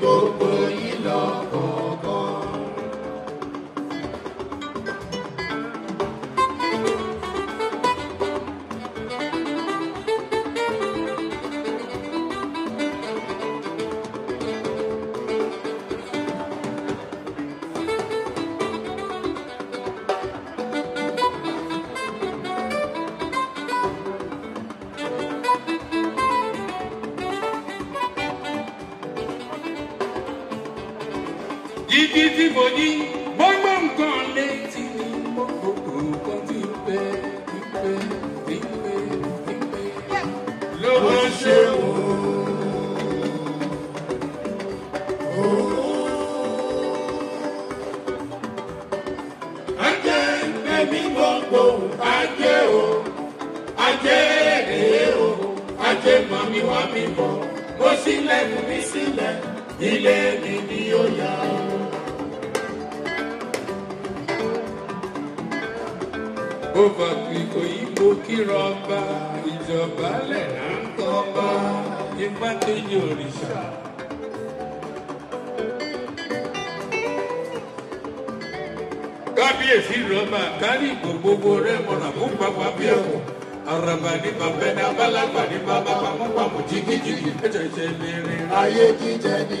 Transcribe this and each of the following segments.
gbogbo yín lọ. ibi tí mo ní gbogbo nǹkan létí ni mo gbogbo nǹkan ti pẹ́ pípẹ́ pípẹ́ pípẹ́ lọ́wọ́ ṣe wò. Ajé mi mi bọ̀, mo sílẹ̀ mi sílẹ̀, ilé mi ni ó yá o. over quick òyìnbó kírọba ìjọba lẹ́nà ń tọ́ba igbákejì òrìṣà. kábíyèsí rọba kárí gbogbo rẹmọràn fún bàbá bí ẹkọ araba ní bàbá ní abalagba ní bàbá pamọ́ pamọ́ jìgìjìgì ẹ̀jẹ̀ ìṣẹ̀lẹ̀ rẹ̀ ayé jíjẹ ni.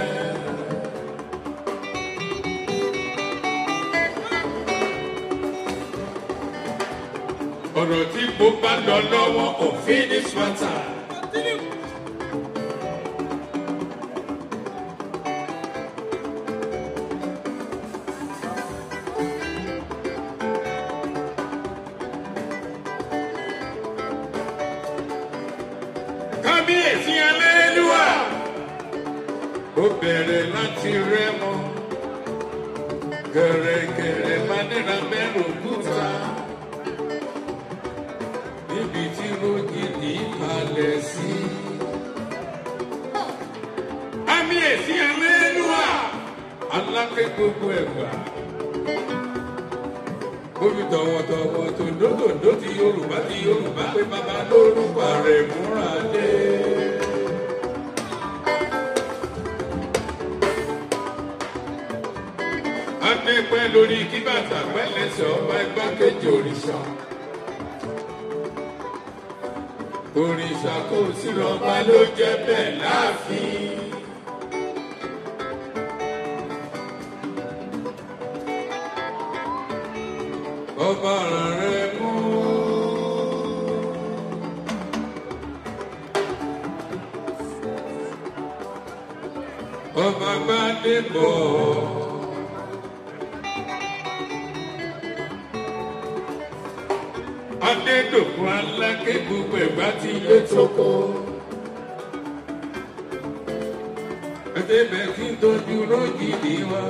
ọ̀rọ̀ tí mo bá lọ lọ́wọ́ òfin ní swata. bẹ̀rẹ̀ láti rẹ́mọ gẹ̀rẹ́gẹ̀rẹ́ bá nira mẹ́rùn-ún kalẹ̀ sí. Àmì èsì àmẹ́lúwà aláké gbogbo ẹ̀gbà. Omi tọ̀wọ̀tọ̀wọ̀ tòǹdótòǹdó ti Yorùbá ti Yorùbá pé bàbá lórúkọ rẹ̀ múra dé. Adé òrìṣà kò sí rọba ló jẹ́ bẹ́ẹ̀ láàfin. ọba rẹ mú. ọba gbadé adédòkun alákébùkù ẹ̀gbá ti ilé tókó. ẹ̀dẹ́bẹ̀ kí n tójú lójijì wá.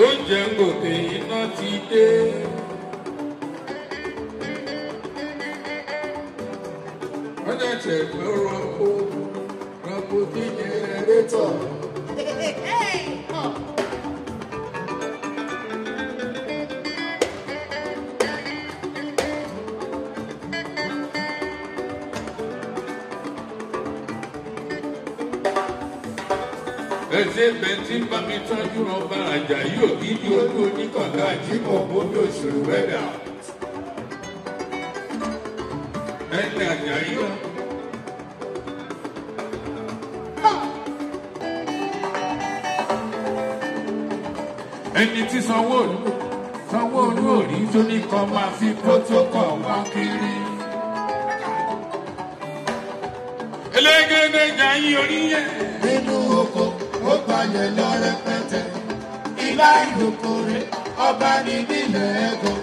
oúnjẹ ń gòkè iná ti dé. ṣe lọ́rọ̀ kó rọ́pò bí jẹnẹrétọ̀. bẹntì bami tọ́jú ọba Àjàyí Ògìdì olú oníkọ̀ọ̀kan àti kọ̀ọ̀kan bí òṣèlú wẹ́dà. ẹni Àjàyí ọ̀hún. ẹni tí sanwó-olú sanwó-olú ò rí tó ní kan máa fi pótókọ̀ wá kiri. elégédéjà yín oníyẹ. nínú oko ó gbayẹ lọ rẹpẹtẹ ìlà ìdókòrè ọba ní nílẹ̀ ẹ̀gọ́.